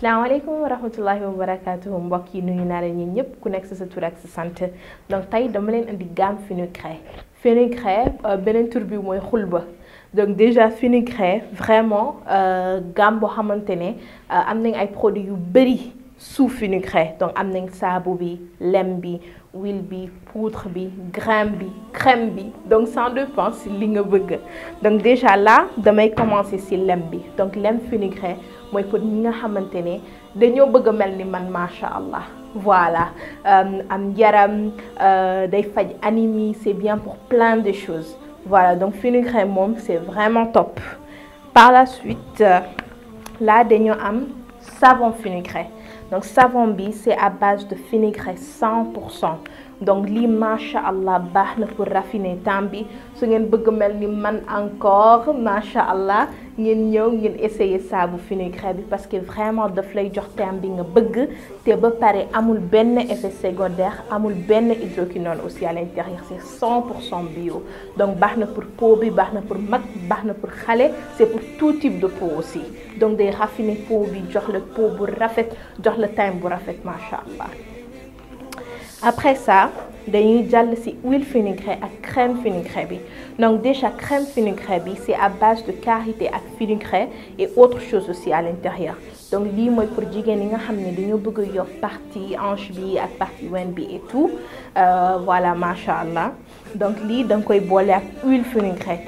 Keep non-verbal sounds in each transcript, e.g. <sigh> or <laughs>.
salaamaaleykum wa rahmatullahi wa barakaatuhu mbokk yi nuyu naa leen ñun ñëpp ku nekk sa tur ak sa sant donc tey dama leen indi gamme fenugrec fenugrec euh, beneen tur bi mooy xulba donc déjà fenugrec vraiment euh, gamme boo xamante ne euh, am nañ ay produits yu bëri. suuf fenugrec donc am nañ saabu bi lem bi huile bi poudre bi grain bi crème bi donc ça dépend si li nga bëgg donc déjà la damay commencer si lem bi donc lem fenugrec mooy pour ñi nga xamante ne dañoo bëgg a mel ni man macha allah voilà euh, am yaram euh, day faj anémie c'est bien pour plein de choses voilà donc fenugrec moom c'est vraiment top par la suite euh, là dañoo am savon fenugrec donc savon bi c'est à base de fenugrec 100 pour cent donc lii macha allah baax na pour raffiner teint bi su ngeen bëgg mel ni man encore macha allah. ngeen ñëw ngeen essayer saabu fenugrec bi parce que vraiment daf lay jox teint bi nga bëgg te ba pare amul benn effet secondaire amul benn hydroquinone aussi à l'intérieur c'est 100 pour cent bio donc baax na pour peau bi baax na pour mag baax na pour xale c'est pour tout type de peau aussi donc day raffiner peau bi jox la peau bu rafet jox la teint bu rafet macha allah après sa dañuy jàll ci huile fenugrec ak crème fenugrec bi donc déjà crème fenugrec bi c'est à base de karité ak fenugrec et autre chose aussi à l'intérieur donc lii mooy pour jigéen yi nga xam ne dañoo bëgg a yor partie hanche bi ak partie wen bi et tout euh, voilà macha allah donc lii da nga koy boole ak huile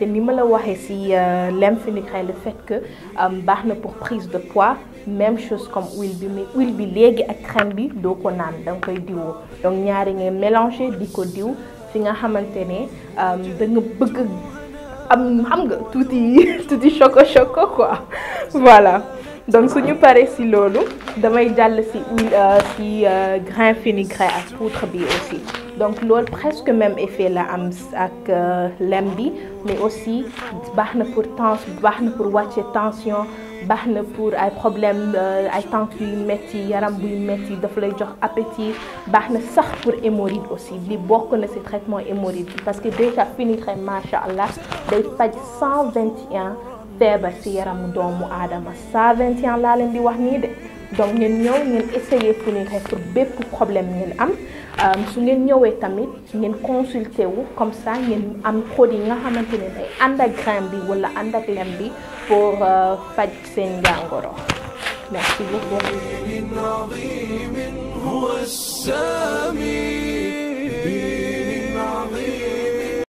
te ni ma la waxee ci euh, lem fenugrec le fait que euh, baax na pour prise de poids même chose comme huile bi mais bi léegi ak crème bi doo ko naan da nga koy diwoo donc ñaari ngay mélanger di ko diw. bi nga xamante ne euh, da nga bëgg am xam nga tuuti <laughs> tuuti choco choco quoi voilà. donc su ñu paree si loolu damay jàll si euh, si euh, grain fenugrec ak poudre bi aussi donc loolu presque même effet la am ak euh, lem bi mais aussi baax na pour tens baax na pour wàcce tension baax na pour ay problème ay tànk yuy metti yaram buy metti dafa lay jox appétit baax na sax pour hémorroïde aussi bi bokk na si traitement hémorroïde bi parce que déjà fenugrec macha allah day faj 121 feebar ci yaramu doomu aadama cent vingt ans laa leen di wax nii de donc ngeen ñëw ngeen essayer fu nekk pour bépp problème ngeen am euh, su ngeen ñëwee tamit ngeen consulter wu comme ça ngeen am produit yi nga xamante ne day ànd ak grain bi wala ànd ak lem bi pour euh, faj seen jàngoro merci beaucoup